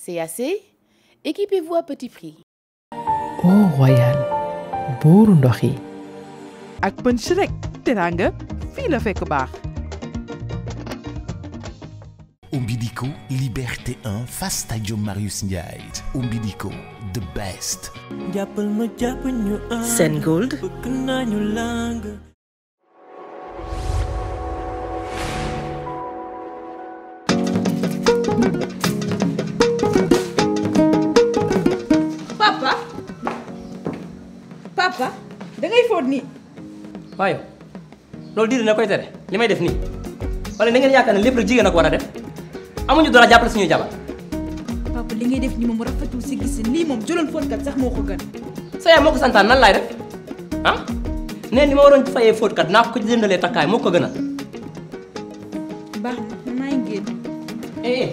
C'est assez équipez-vous à petit prix. Oh royal, bour ndox ak pënc rek teraanga fi la Liberté 1 face Stadium Marius Ndiaye Umbidiko, the best. Sen Gold. papa da ngay fot ni wayo lol diir na koy téré limay def ni wala da ngay yaakaar ne lépp rek jigen ak wara def amuñu dara jappal suñu jabar. papa li ngay def ni mom rafatou ci gis mom moom fot kat sax moko gën. Kan? sa yaay moo ko nan lay def han né ni ma waron ci fayé fot kat jëndalee takkaay moo ko gënal. baax na maa eh, eh.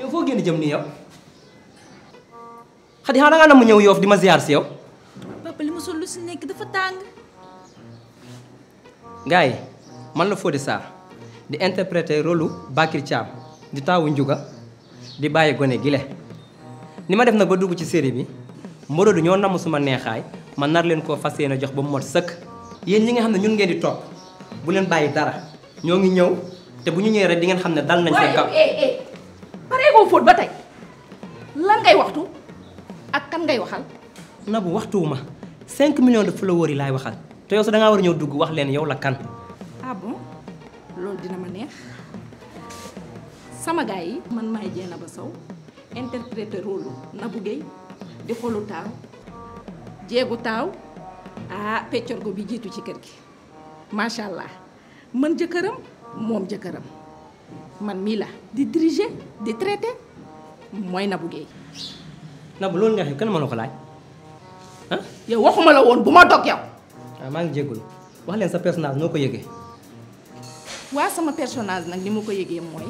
yow foo génn jëm ni yow xadi xanaa nga na mu ñew yoof di ma ziar ci yow dëkk dafa tàng. gars man la fodi sa di interpréter rôle Bakir cham di tawu njuga di baye goné gile ni ma def nak ba dugg ci série bi modou ñoo nam suma neexaay man nar leen ko fas yéene jox ba mu mot sëkk. ñi nga xam ñun ngeen di top, bu leen baye dara ñoo ngi ñew te bu ñu ñëwee rek di ngeen xam dal nañ ci kaw. ko eh, eh, eh. fóot ba tay lan ngay waxtu ak kan ngay waxal. na bu ma 5 millions de followers lay waxal te yow sa da nga war ñeu dugg wax len yow la kan. ah bon loolu dina ma neex sama gaay man may jena ba saw interpréter rôle bu Guèye di xolu taw djegu taw ah go bi jitu ci kër gi macha allah man jëkëram mom jëkëram man mi la di diriger di traiter bu Nabou na bu loolu nga xew kan ma ko laaj. yow waxuma la woon bu ma dog yow. waaw ah, maa ngi jégalu wax leen sa personnage noo ko yëgee. waa sama personnage nag ni ma ko yëgee mooy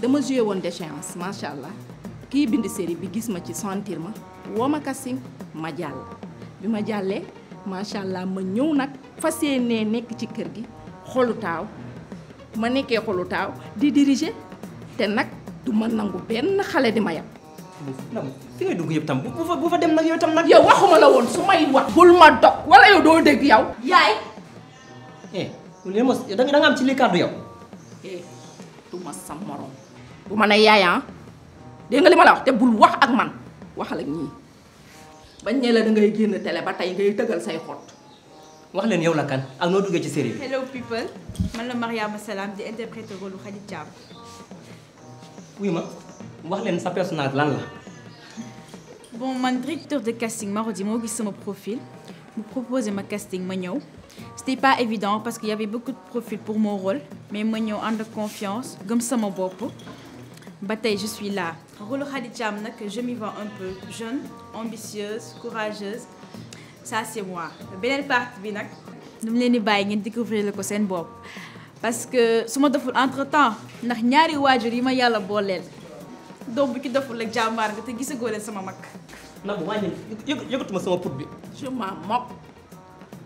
dama joué woon déchéance macha allah kii bind série bi gis ma ci sentir ma woo ma casting ma jàll bi ma jàllee macha allah ma ñëw nag fas yéenee nekk ci kër gi xolu taaw ma nekkee xolu taaw di diriger te nag duma nangu benn xale di ma yab. fi ngay dugg yëpp tam bu fa bu fa dem nag yow tam nag. yow ya, waxuma la woon su may wax bul ma dog wala yow doo dégg yow. yaay. eh li ma da nga am ci lii kàddu yow. eh du ma morom. bu ma ne yaay ah dégg nga li ma la wax te bul wax ak man waxal ak ñii bañ ne la da ngay génn télé ba tey ngay tëggal say xott. wax leen yow la kan ak noo duggee ci série hello people man la Mariama Salam di interpréter rôle Khady Thiam. oui ma wax leen sa personnage lan la. bon mon directeur de casting Marodi moo gis mon profil Me proposé ma casting Ce c'était pas évident parce qu'il y avait beaucoup de profils pour mon rôle mais ma a de confiance comme sama mon ba Bataille, je suis là. rôle Khadijam, que je m'y vois un peu jeune ambitieuse courageuse ça c'est moi Belle partie bi Je dama leen découvrir le ko Bob parce que ce deful entre temps je ñaari waajur yi ma yàlla doom bu ki deful rek jàmbaar nga te gisagoo leen sama mag. na bu wàññi yëg yëgatuma sama put bi. je m'en moque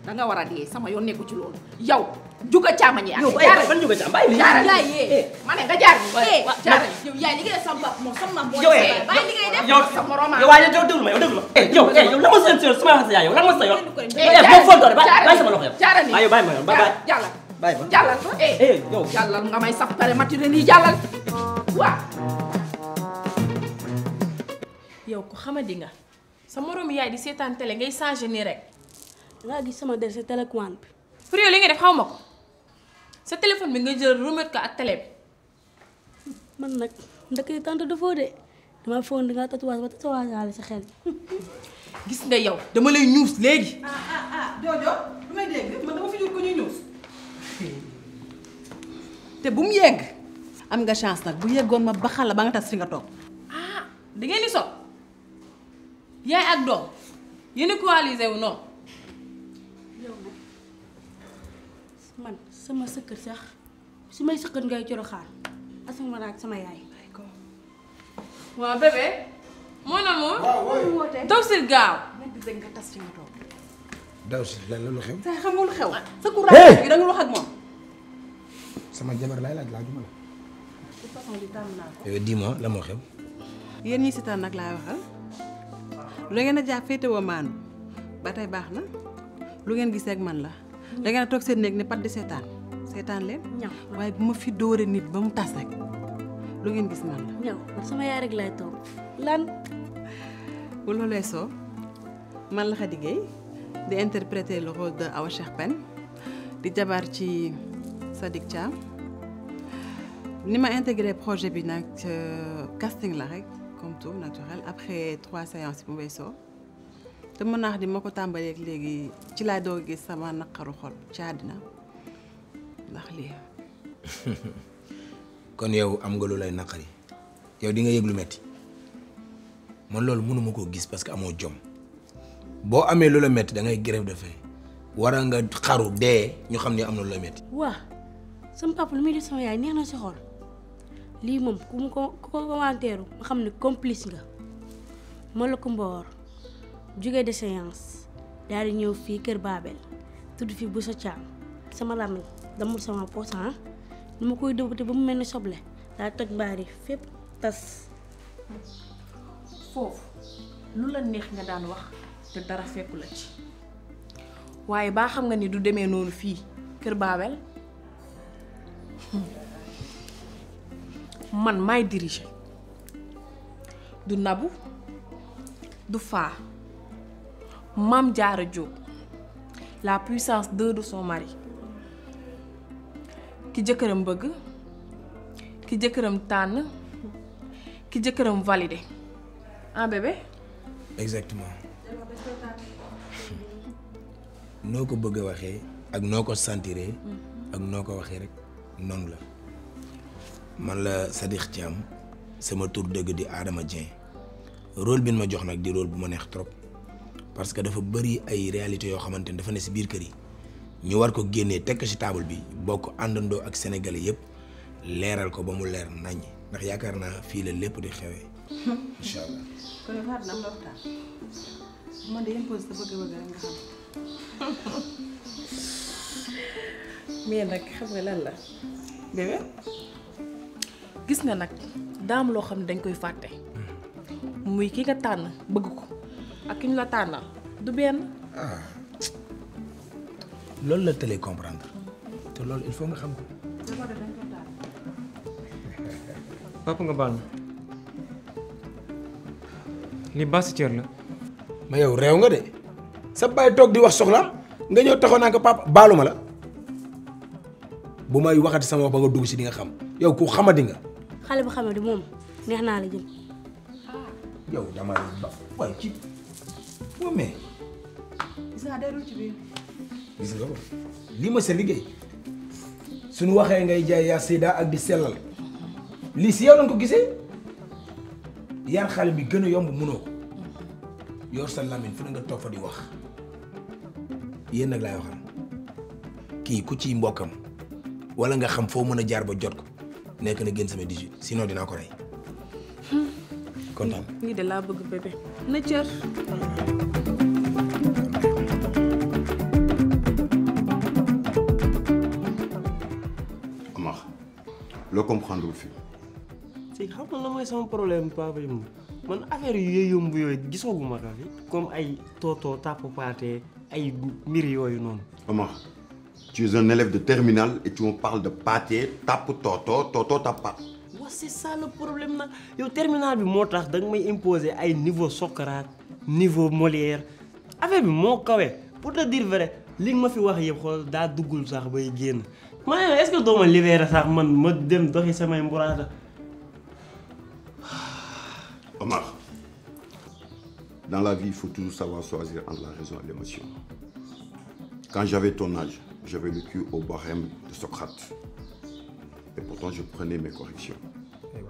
da nga war a dee sama yoon nekku ci loolu yow. juga caama ñi ak jaarale ban juga caama bàyyi li eh. ma ne nga jaar eh jaarale yow yaay li ngay sama moom sama moom yow eh, bàyyi li ngay def sa morom yow waaye yow déglu ma yow déglu ma eh yow eh yow lan ma sa yoon sama wax sa yow lan ma sa yoon eh boo foo doore bàyyi sama loxo yow jaarale yow bàyyi ma yoon bàyyi jàllal bàyyi ma jàllal eh, eh yow jàllal nga may sax pare matinée nii jàllal waaw yow ku xamadi nga sa moroom yaay di seetaan tele ngay changé nii rek. nga gis sama der sa télécommande bi. pour yow li nga def xaw ma ko sa téléphone bi nga jël remettre ko ak télé bi. man nag ndëkk yi tante dafoo de dama sa xel. gis nga yow dama lay ñuus léegi. ah ah ah Jojo lu man dama fi jur ko ñuy ñuus. te bu mu yegg am nga chance nag bu yeggoon ma baxal la ba nga tas fi nga toog. ah di sot. yaay ak doom yéen a coalisé wu noonu. man sama sëkkër sax su may sëkkër ngay coroxaan asama naa ak sama yaay. waaw bébé. moom. tas fi nga toog. la jabar laay la. Eh, moo xew. yéen ñi si tànn nag laay waxal. lu ngeen a jàpp féetewoo maanu ba tey baax na lu ngeen gisee ak man la da ngeen toog seen néeg ne pat di seetaan seetaan leen. waaye bu ma fi dóore nit ba mu tas rek lu ngeen gis man la. ñaw sama man la Khady Gueye di interpréter le de Awa Cheikh Pène di jabar ci sa Thiam ni ma intégré projet bi nag euh, casting la rek. comme tout naturel après trois séances bu weesoo te mën suis di ma ko tàmbaleeg léegi ci laa doo gis sama naqaru xol ci àddina ndax lii kon yow am nga lu lay naqari yow di nga yëg metti man loolu mënuma koo gis parce que amoo jom boo amee lu la metti da ngay grève de faim war a nga xaru dee ñu xam ne am la metti suis sama papa lu muy def sama yaay neex na xol lii moom ku mu ko ku ko commentaire ma xam ne complice nga ko mboor jóge de séance daal di ñëw fii kër Babel tudd fi bu sa caam sama làmmiñ damul sama poos ah nu ma koy dëbbate ba mu mel ni soble daa toj mbaari fépp tas foofu lu la neex nga daan wax te dara fekku la ci waaye baa xam nga ni du demee noonu fii kër Babel. man may diriger du nabu du fa mam Diarra Diop la puissance deux de son mari ki jëkkëram bëgg ki jëkkëram tànn ki jëkkëram valider ah bébé exactement noo ko bëgg waxee ak noo ko sentiree ak noo ko waxee rek noonu la man la sa Sadikh am sama tour dégg di Adama Dieng rôle bi ma jox nag di rôle bu ma neex trop parce que dafa bëri ay réalités yoo xamante ni dafa ne si biir kër yi ñu war ko génnee teg ko si table bi bokk àndandoo ak sénégalais yëpp leeral ko ba mu leer naññ ndax yaakaar naa fii la lépp di xewee. incha mais nag xam nga lan la gis nga nag daam loo xam ne dañ koy fàtte muy ki nga tànn bëgg ko ak ki ñu la tànnal du benn ah. loolu la télé comprendre te loolu il faut nga xam ko papa nga baal li baasi cër la ma yow réew nga de sa bay toog di wax soxla nga ñëw taxaw naa ko papa baalu la bu may waxati sama ba nga dugg si di nga xam yow ku xamadi nga xalé bu xamé di moom neex naa la jëm. yow ya dama lay ba way ci moom mais. gis nga delloo ci bi gis nga ko lii ma sa liggéey suñu waxé ngay jaay ya sida ak di selal li si yow lañ ko gisé yar xale bi gëna yomb mëno yor sa lamine fu nga tofa di wax yeen nak lay waxal ki ku ci mbokam wala nga xam fo mëna jaar ba jot ko. nek na gën sama 18 sinon dina ko ray hmm. kontaan lii de la bëgg bébé na cër. Amar loo comprendre fi c'est si xam nga sama problème papa yi man affaire yooyu yomb yoy gisoo gu comme ay toto tàpp paate ay mir yooyu non amax tu es un élève de terminale et tu me parles de pâté, tape, toto, tape. c'est ça le problème. Là. Yo, est je me un niveau Socrate, niveau Molière. Avec mon pour te dire vrai, ce que je veux dire, c'est que je veux dire est-ce que tu me libérer ça je Omar, dans la vie, il faut toujours savoir choisir entre la raison et l'émotion. Quand j'avais ton âge, j'avais vécu au barème de Socrate. Et pourtant, je prenais mes corrections. Et eh ouais.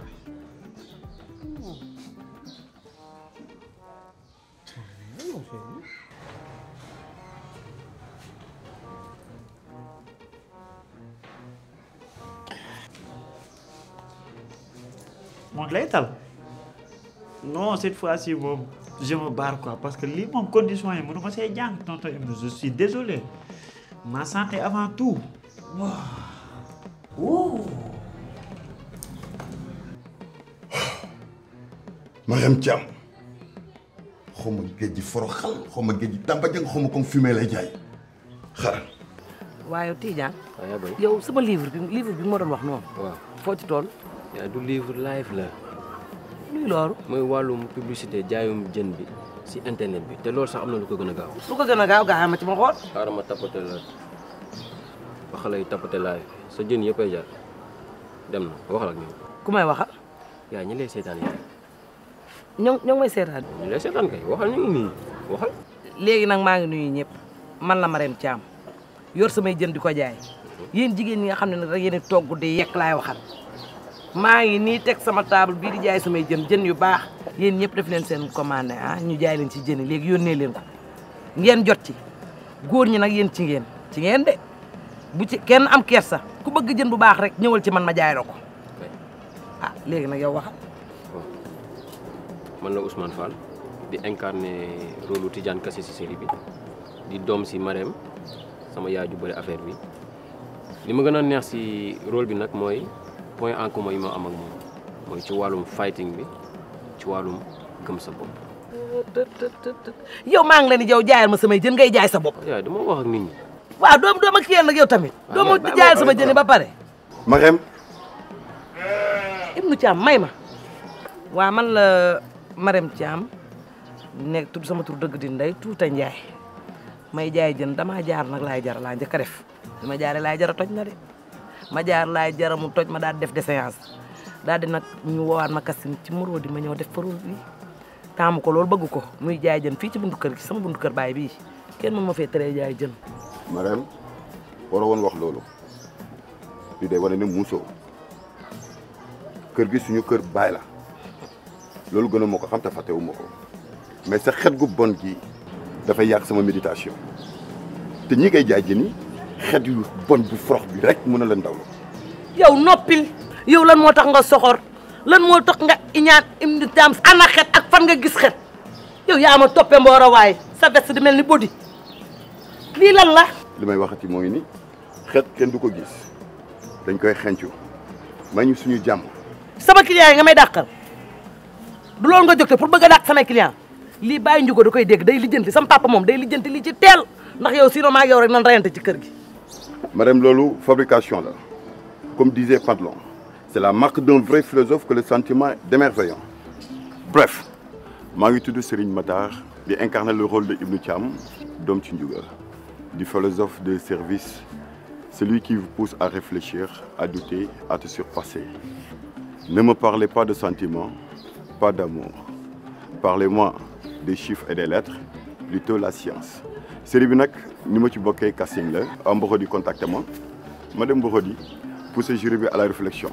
Non, cette fois-ci, je me barre quoi. Parce que les conditions, je suis désolé. ma santé avant tout. waaw. Mariam Thiam xaw ma géej gi foroxal xaw ma géej gi Tamba Dieng xaw ma comme fumier lay jaay xaaral. waaye Tidiane. Ah, yow sama livre bi livre bi ma doon wax noonu. waaw foo ci tool. du livre live la. luy loolu. mooy wàllum publicité jaayum jën bi. ci internet bi té lool sax amna lu ko gëna gaaw. lu ko gëna gaaw gaa ma ci ma xool. xaaral ma tapoté la wax lay tapate laay sa yépp ay jaar dem na waxal ak ñoom. ku may waxal. ya ñi lay sétan ya ñong ñong may sétan ñi lay sétan kay waxal ñu ni waxal. légui nak ma ngi nuyu ñëpp man la Marème Thiam yor sama jën diko jaay yeen jigéen yi nga xamne nak nag rek yéen togg di yek lay waxal ma ngi ni tek sama table bi di jaay sama jën jën yu baax. yéen ñëpp def leen seen commande ah ñu jaay leen ci jëni léegi yónnee leen ko ngeen jot ci góor ñi nag yéen ci ngeen ci ngeen de bu ci kenn am kersa ku bëgg jën bu baax rek ñëwal ci man ma jaay la ko ah léegi nag yow waxal. man la Ousmane Fall di incarné rôle Tidiane Kassé ci série bi di doom si Marème sama yaay ju bëri affaire bi li ma gën a neex si rôle bi nag mooy point en commun yi ma am moom mooy ci wàllum fighting bi. ci wàllum gëm sa maa ngi leen di yow jaayal ma samay jën ngay jaay sa bopp. yaay dama wax ak nit ñi. doom doom ak yéen nag yow tamit. waaw ah, waaw sama jën ba pare. ma xem. Ibnu Thiam may ma. waa man la Marème Thiam nekk tut sama tur dëgg di Ndeye Tuuta Njaay may jaay jën damaa jaar nag laay jar laa njëkk a ma jaar laay jar a na de ma jaar laay jara mu toj ma daal def de da di nak ñu woowaat ma kasin ci di ma ñëw def furu bi tam ko loolu bëgg ko muy jaay jën fi ci buntu kër ci sama buntu kër baay Di kenn ini ma fee teree jaay jën. maram waroo won wax loolu li day wone ne muso kër gi suñu kër baay la loolu gëna moko xam ta faté wu moko mais sa xet gu bon gi fay yak sama méditation te ñi kay jaay ni xet yu bon bu frox bi rek mëna leen dawlo yow nopil yow lan motax nga soxor lan motax nga iñaan ibnu tams ana xet ak fan nga gis xet yow ya ma topé mboro way sa bess di melni ni bodi lan la limay waxati moy ni xet ken duko ko gis dañ koy xencu mañu suñu jàmm sama client nga may dàqal du lol nga jokté pour bëgg dak sama client li bay njugo da koy dégg day lijeenti sama papa mom day lijeenti li ci tel ndax yow sino ma yow rek nan rayante ci kër gi madame lolou fabrication la comme disait Padlon C'est la marque d'un vrai philosophe que le sentiment d'émerveillement. Bref, je Toudou Serigne Matar le rôle de Ibn Thiam Dom du philosophe de service celui qui vous pousse à réfléchir à douter à te surpasser ne me parlez pas de sentiments pas d'amour parlez-moi des chiffres et des lettres plutôt la science C'est bi ni ma ci bokkee casting la am Mborodi à la réflexion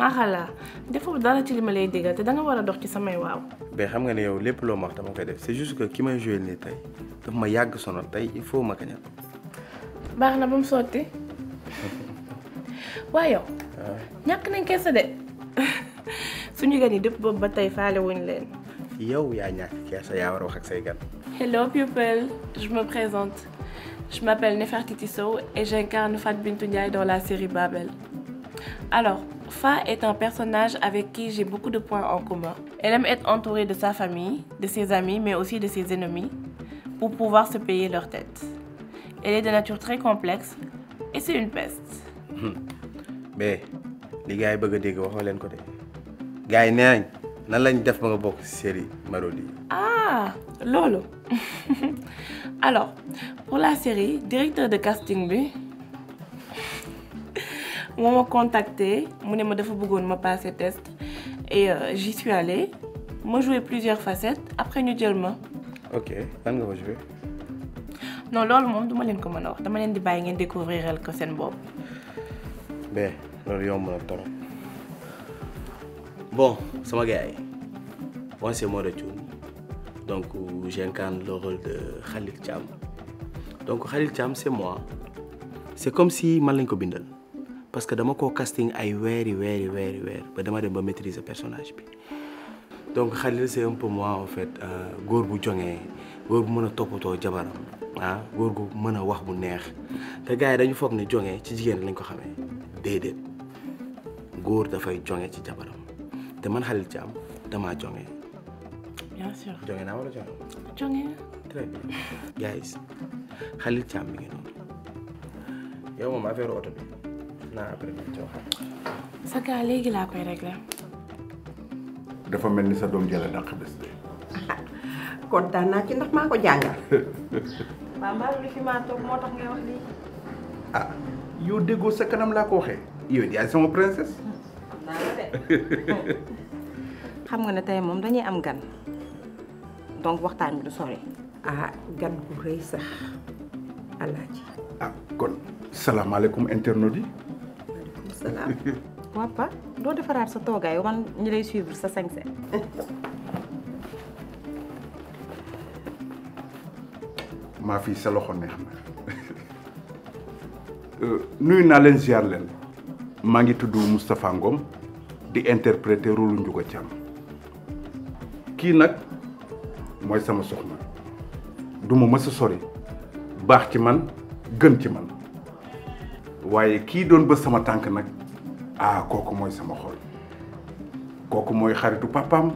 maa xalaa defoo dara ci li ma lay déggal te da nga war a dox ci samay waaw. mais ben, xam nga ne yow lépp loo ma wax dama koy def c'est juste que ki may joué nii tey daf ma yàgg sonal tey il faut ma kañal. baax na ba mu sotti waaye yow. Ah. ñàkk nañ kees de suñu gan yi dëpp boobu ba tey faale wuñ leen. yow yaa ñàkk kees yaa war a wax ak say gan. hello people je me présente je m'appelle Nefertiti Sow et j'incarne Fat Bintou Ndiaye dans la série Babel alors. Fa est un personnage avec qui j'ai beaucoup de points en commun. Elle aime être entourée de sa famille, de ses amis, mais aussi de ses ennemis, pour pouvoir se payer leur tête. Elle est de nature très complexe et c'est une peste. Hmm. mais les gars, ils que les gars, ils série Marodi. Ah, lolo. Alors, pour la série, directeur de casting B, on m'a contacté, mon m'a fait ma le test et euh, j'y suis allée. Moi, jouais plusieurs facettes. Après, nous avons Ok, quand vous jouez Non, lol, mom, duma len ko meuna wax. Dama len di bay découvrir le ko sen bop. Bé, ben, lol yom na torop. Bon, sama moi. Moi, c'est moi de Donc, j'incarne le rôle de Khalil Cham. Donc, Khalil Cham, c'est moi. C'est comme si je Bindal. parce que dama koo casting ay weeri weeri weeri weer ba dama dem ba maîtriser personnage bi donc Khalil c'est un peu moi en fait euh, góor bu joŋee góor bu mën a toppatoo jabaram ah góor gu mën a wax bu neex te gars yi dañu foog ne joŋee ci jigéen lañ ko xamee déedéet góor dafay joŋe ci jabaram te man Khalil Thiam damaa joŋee. bien sûr joŋe naa wala joŋe. joŋe na. très bien gars yi Khalil noonu affaire oto bi. naa après ma jox sa gaa léegi laa koy réglé. dafa mel ni sa doom jëla dàq bés de. kontaan ah yow déggoo sa kanam laa ko waxee. yow yaay sama princesse. xam nga ne tey ah gan bu rëy sax ah kon salaamaaleykum internautes yi salaam. papa do defaraat sa eh, yow man ñi lay suivre sa sañse. Ma fi sa loxo neex na nuyu naa leen ziar leen maa ngi tudd Moustapha Ngom di interpréter rôle sama soxna du ma mës sori baax ci man gën ci man. waye ki doon bës sama tank nak ah kooku moy sama xol kooku moy xaritu papam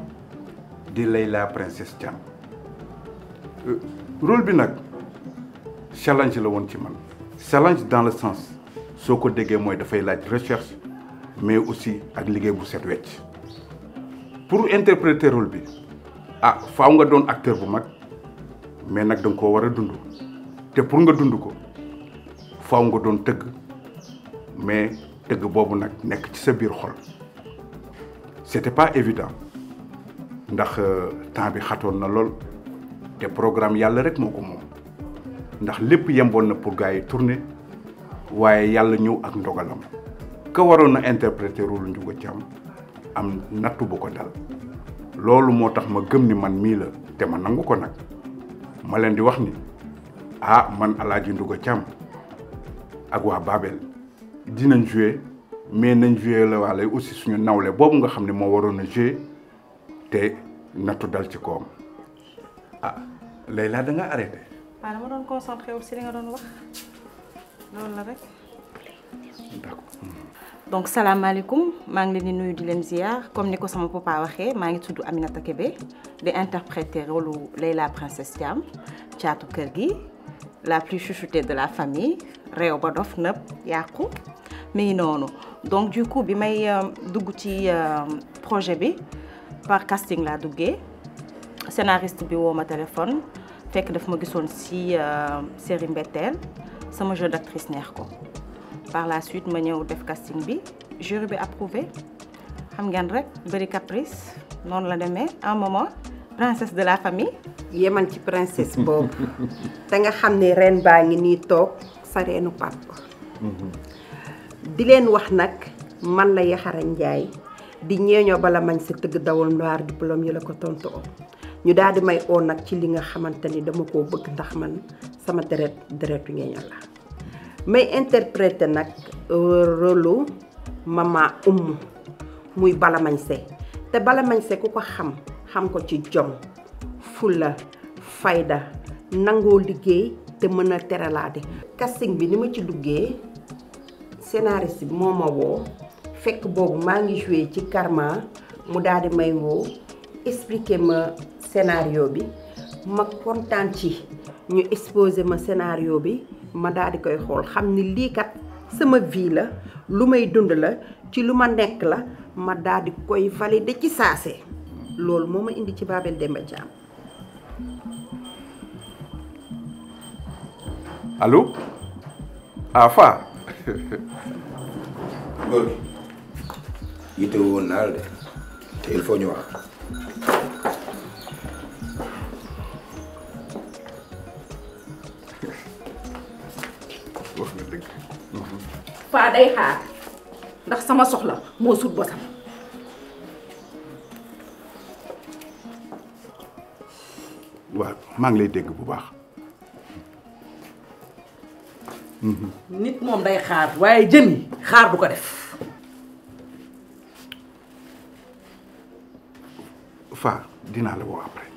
di Layla princesse Thiam euh, rôle bi nak challenge la won ci man challenge dans le sens soko ko moy da fay laaj recherche mais aussi ak liggéey bu set wetch pour interpréter rôle bi ah faaw nga doon acteur bu mag mais nak dang ko wara a té pour nga dund ko faaw nga doon teug mais dëgg bobu nak nek ci sa bir xol c'était pas évident ndax euh, temps bi xatoon na lol té programme yalla rek moko mom ndax lepp yemboon na pour gaay tourner waye yalla ñëw ak ndogalam ka waroon a interpréter rôle Ndiouga Thiam am nattu bu ko dal lolou motax ma gëm ni man mi la té ma nanguko nak ma len di wax ni ah man Alaaji Ndiouga Thiam ak wa Babel dinañ jouer mais nañ jouer la waale aussi suñu nawle boobu nga xam ne moo waroon a jouer te nattu dal ci koom ah Layla da nga arrêté. waaw ah, dama doon concentré wu rek. d'accord. donc salaamaaleykum maa ngi leen di nuyu di leen ziar comme ni ko sama papa waxee maa ngi tudd Aminata Kébé di interpréter rôle Layla princesse Thiam caatu kër gi. la plus chouchoutée de la famille réew ba dof nëb mais non donc du coup bi may euh, dugg ci euh, projet bi par casting la duggee scénariste bi woo ma téléphone fekk daf ma gisoon si euh, série Mbetteel sama jeu d'actrice ko par la suite ma ñëw def casting bi jury bi approuvé xam ngeen rek bëri caprice Non, la un moment princesse de la famille. Iya, man ci princesse bob te nga xamné reine ren baa ngi nii toog sa reenu papa. Mhm. di len wax nak man la Yaxara Njaay di ñeño bala mañ sa teug dawal noir diplôme yi la ko tontu ñu daldi may o nak ci li nga xamanteni dama ko bëgg ndax man sama dérèt deretu ñeeño la may interpréter nak euh, rôle mama um muy bala mañ sé te bala mañ sé ku ko xam xam ko ci jom fulla fayda nangoo liggéey te mën a teralaate casting bi ni ma ci duggee scénariste bi moo ma woo fekk boobu maa ngi joué ci Karma mu daal di may woo expliquer ma scénario bi ma kontaan ci ñu exposé ma scénario bi ma daal di koy xool xam ni lii kat sama vie la lu may dund la ci lu ma nekk la ma daal di koy valider ci saase. loolu moo ma indi ci Babel Demba Thiam. allo. Afa. góor gi yitte woon naa la de te il ñu wax. Faa day xaar ndax sama soxla moo sut bosam. maa ngi lay dégg bu baax. nit moom day xaar waaye jën yi xaar du ko def. fa dinaa la woo après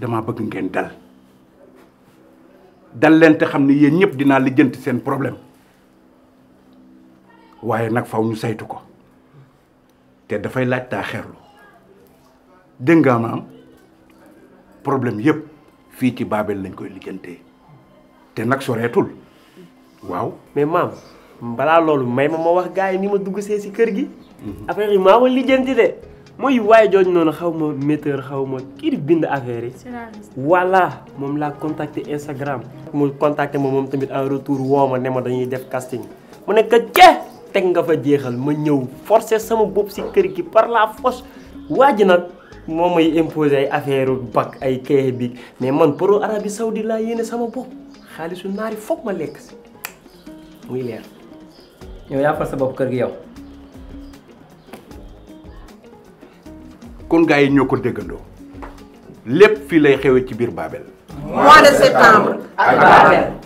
dama bëgg ngeen dal dal leen te xam ne yéen ñëpp dinaa lijjanti seen problème waaye nag faw ñu saytu ko te dafay laaj taa xerlu deng ma am problème yépp fii ci Babel lañ koy lijjantee te nag soreetul waaw. mais maam balaa loolu may ma ma wax gaay ni ma dugg see si kër gi. Mhm. affaire yi maa ma lijjanti de mooy waaye jooju noonu xaw ma metteur xaw ma di bind affaire yi. voilà moom laa contacté Instagram. mu contacté ma moom tamit en retour woo ma ne ma dañuy def casting mu nekk cee teg nga fa jeexal ma ñëw forcer sama bopp si kër gi par la force moom may imposé ay affaire bac ay kaye bi mais man pro Arabie Saoudite laa yéene sama bopp xaalisu naari foog ma lekk si muy leer. yow yaa far sa kër gi yow. kon gars yi ñoo ko déggandoo lépp fii lay xewee ci biir Babel. mois de septembre ak Babel.